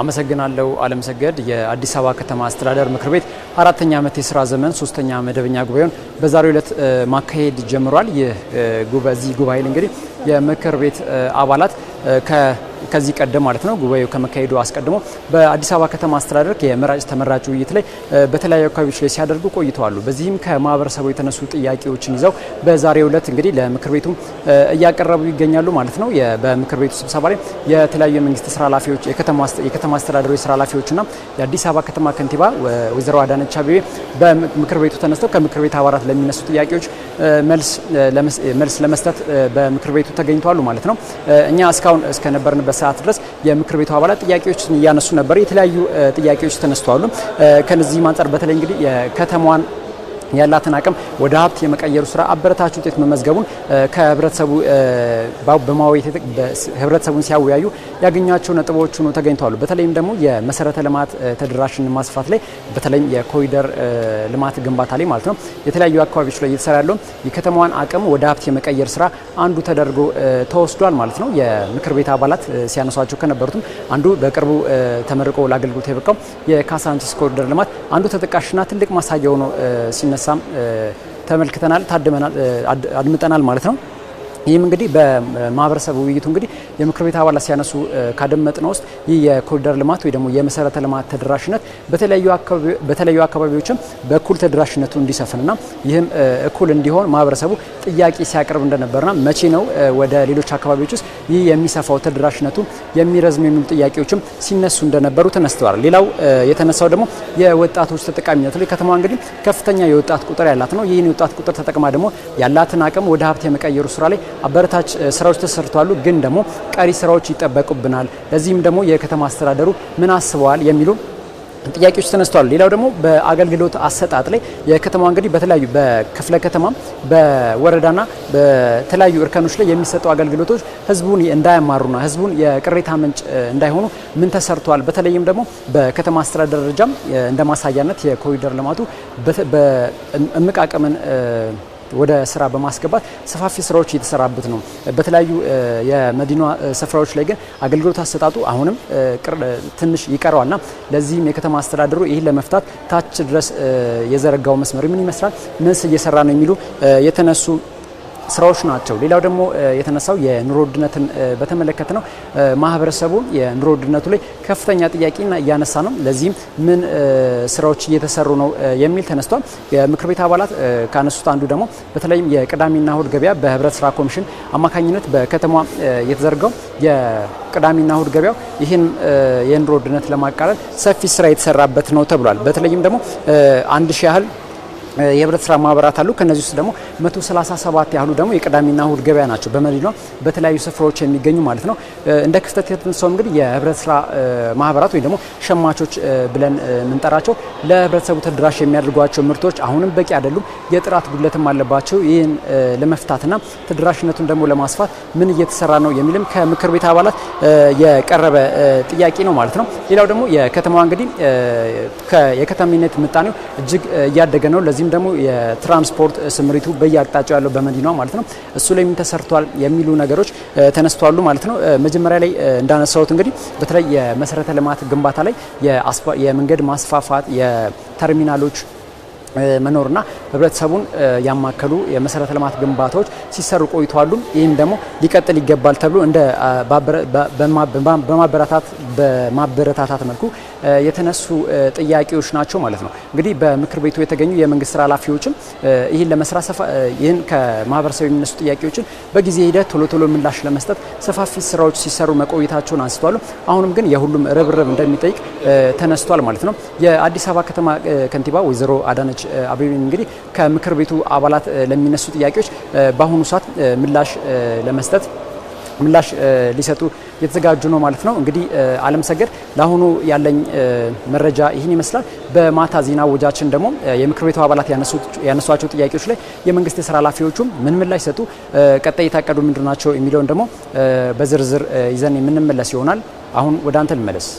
አመሰግናለሁ አለም ሰገድ። የአዲስ አበባ ከተማ አስተዳደር ምክር ቤት አራተኛ ዓመት የስራ ዘመን ሶስተኛ መደበኛ ጉባኤውን በዛሬው ዕለት ማካሄድ ጀምሯል። ይህ በዚህ ጉባኤ እንግዲህ የምክር ቤት አባላት ከ ከዚህ ቀደም ማለት ነው ጉባኤው ከመካሄዱ አስቀድሞ በአዲስ አበባ ከተማ አስተዳደር የመራጭ ተመራጭ ውይይት ላይ በተለያዩ አካባቢዎች ላይ ሲያደርጉ ቆይተዋሉ። በዚህም ከማህበረሰቡ የተነሱ ጥያቄዎችን ይዘው በዛሬው ዕለት እንግዲህ ለምክር ቤቱ እያቀረቡ ይገኛሉ ማለት ነው። በምክር ቤቱ ስብሰባ ላይ የተለያዩ የመንግስት ስራ ኃላፊዎች፣ የከተማ አስተዳደሩ የስራ ኃላፊዎችና የአዲስ አበባ ከተማ ከንቲባ ወይዘሮ አዳነች አቤቤ በምክር ቤቱ ተነስተው ከምክር ቤት አባላት ለሚነሱ ጥያቄዎች መልስ ለመስጠት በምክር ቤቱ ተገኝተዋሉ ማለት ነው። እኛ እስካሁን እስከነበርንበት እስከተነሳበት ሰዓት ድረስ የምክር ቤቱ አባላት ጥያቄዎችን እያነሱ ነበር። የተለያዩ ጥያቄዎች ተነስተዋሉ። ከነዚህም አንጻር በተለይ እንግዲህ የከተማዋን ያላትን አቅም ወደ ሀብት የመቀየሩ ስራ አበረታች ውጤት መመዝገቡን ከህብረተሰቡ በማወየት ህብረተሰቡን ሲያወያዩ ያገኟቸው ነጥቦች ሆኖ ተገኝተዋል። በተለይም ደግሞ የመሰረተ ልማት ተደራሽን ማስፋት ላይ በተለይም የኮሪደር ልማት ግንባታ ላይ ማለት ነው የተለያዩ አካባቢዎች ላይ እየተሰራ ያለው የከተማዋን አቅም ወደ ሀብት የመቀየር ስራ አንዱ ተደርጎ ተወስዷል ማለት ነው። የምክር ቤት አባላት ሲያነሷቸው ከነበሩትም አንዱ በቅርቡ ተመርቆ ለአገልግሎት የበቃው የካሳንቺስ ኮሪደር ልማት አንዱ ተጠቃሽና ትልቅ ማሳያ ሆኖ ሲነሳ እንደሚነሳም ተመልክተናል፣ ታድመናል፣ አድምጠናል ማለት ነው። ይህም እንግዲህ በማህበረሰብ ውይይቱ እንግዲህ የምክር ቤት አባላት ሲያነሱ ካደመጥ ነው ውስጥ ይህ የኮሪደር ልማት ወይ ደግሞ የመሰረተ ልማት ተደራሽነት በተለያዩ አካባቢዎችም በእኩል ተደራሽነቱ እንዲሰፍንና ይህም እኩል እንዲሆን ማህበረሰቡ ጥያቄ ሲያቀርብ እንደነበርና መቼ ነው ወደ ሌሎች አካባቢዎች ውስጥ ይህ የሚሰፋው ተደራሽነቱ የሚረዝም የሚሉ ጥያቄዎችም ሲነሱ እንደነበሩ ተነስተዋል። ሌላው የተነሳው ደግሞ የወጣቶች ተጠቃሚነት ላይ ከተማ እንግዲህ ከፍተኛ የወጣት ቁጥር ያላት ነው። ይህን የወጣት ቁጥር ተጠቅማ ደግሞ ያላትን አቅም ወደ ሀብት የመቀየሩ ስራ ላይ አበረታች ስራዎች ተሰርተዋል፣ ግን ደግሞ ቀሪ ስራዎች ይጠበቁብናል። ለዚህም ደግሞ የከተማ አስተዳደሩ ምን አስበዋል የሚሉ ጥያቄዎች ተነስተዋል። ሌላው ደግሞ በአገልግሎት አሰጣጥ ላይ የከተማ እንግዲህ በተለያዩ በክፍለ ከተማ በወረዳና በተለያዩ እርከኖች ላይ የሚሰጡ አገልግሎቶች ህዝቡን እንዳያማሩና ህዝቡን የቅሬታ ምንጭ እንዳይሆኑ ምን ተሰርተዋል። በተለይም ደግሞ በከተማ አስተዳደር ደረጃም እንደ ማሳያነት የኮሪደር ልማቱ እምቃቅምን ወደ ስራ በማስገባት ሰፋፊ ስራዎች እየተሰራበት ነው። በተለያዩ የመዲና ስፍራዎች ላይ ግን አገልግሎት አሰጣጡ አሁንም ትንሽ ይቀረዋልና ለዚህም የከተማ አስተዳደሩ ይህን ለመፍታት ታች ድረስ የዘረጋው መስመር ምን ይመስላል፣ ምንስ እየሰራ ነው የሚሉ የተነሱ ስራዎች ናቸው። ሌላው ደግሞ የተነሳው የኑሮ ውድነትን በተመለከተ ነው። ማህበረሰቡ የኑሮ ውድነቱ ላይ ከፍተኛ ጥያቄ እያነሳ ነው። ለዚህም ምን ስራዎች እየተሰሩ ነው የሚል ተነስቷል። የምክር ቤት አባላት ካነሱት አንዱ ደግሞ በተለይም የቅዳሜና እሁድ ገበያ በህብረት ስራ ኮሚሽን አማካኝነት በከተማ የተዘርገው የቅዳሜና እሁድ ገበያው ይህን የኑሮ ውድነት ለማቃለል ሰፊ ስራ የተሰራበት ነው ተብሏል። በተለይም ደግሞ አንድ ሺህ ያህል የህብረት ስራ ማህበራት አሉ። ከነዚህ ውስጥ ደግሞ 137 ያህሉ ደግሞ የቅዳሜና እሁድ ገበያ ናቸው በመዲኗ በተለያዩ ስፍራዎች የሚገኙ ማለት ነው። እንደ ክፍተት የተነሳው እንግዲህ የህብረት ስራ ማህበራት ወይም ደግሞ ሸማቾች ብለን የምንጠራቸው ለህብረተሰቡ ተደራሽ የሚያደርጓቸው ምርቶች አሁንም በቂ አይደሉም፣ የጥራት ጉድለትም አለባቸው። ይህን ለመፍታትና ተደራሽነቱን ደግሞ ለማስፋት ምን እየተሰራ ነው የሚልም ከምክር ቤት አባላት የቀረበ ጥያቄ ነው ማለት ነው። ሌላው ደግሞ የከተማዋ እንግዲህ የከተሜነት ምጣኔው እጅግ እያደገ ነው ለዚህ በዚህም ደግሞ የትራንስፖርት ስምሪቱ በየአቅጣጫው ያለው በመዲናዋ ማለት ነው እሱ ላይ ምን ተሰርቷል የሚሉ ነገሮች ተነስተዋሉ ማለት ነው። መጀመሪያ ላይ እንዳነሳሁት እንግዲህ በተለይ የመሰረተ ልማት ግንባታ ላይ የመንገድ ማስፋፋት የተርሚናሎች መኖርና ህብረተሰቡን ያማከሉ የመሰረተ ልማት ግንባታዎች ሲሰሩ ቆይተዋሉ። ይህም ደግሞ ሊቀጥል ይገባል ተብሎ እንደ በማበረታት በማበረታታት መልኩ የተነሱ ጥያቄዎች ናቸው ማለት ነው። እንግዲህ በምክር ቤቱ የተገኙ የመንግስት ስራ ኃላፊዎችም ይህን ለመስራት ይህን ከማህበረሰቡ የሚነሱ ጥያቄዎችን በጊዜ ሂደት ቶሎ ቶሎ ምላሽ ለመስጠት ሰፋፊ ስራዎች ሲሰሩ መቆየታቸውን አንስተዋል። አሁንም ግን የሁሉም ርብርብ እንደሚጠይቅ ተነስቷል ማለት ነው። የአዲስ አበባ ከተማ ከንቲባ ወይዘሮ አዳነች አቤቤ እንግዲህ ከምክር ቤቱ አባላት ለሚነሱ ጥያቄዎች በአሁኑ ሰዓት ምላሽ ለመስጠት ምላሽ ሊሰጡ የተዘጋጁ ነው ማለት ነው። እንግዲህ አለም ሰገድ ለአሁኑ ያለኝ መረጃ ይህን ይመስላል። በማታ ዜና ወጃችን ደግሞ የምክር ቤቱ አባላት ያነሷቸው ጥያቄዎች ላይ የመንግስት የስራ ኃላፊዎቹም ምን ምላሽ ሰጡ፣ ቀጣይ የታቀዱ ምንድን ናቸው የሚለውን ደግሞ በዝርዝር ይዘን የምንመለስ ይሆናል። አሁን ወደ አንተ ልመለስ።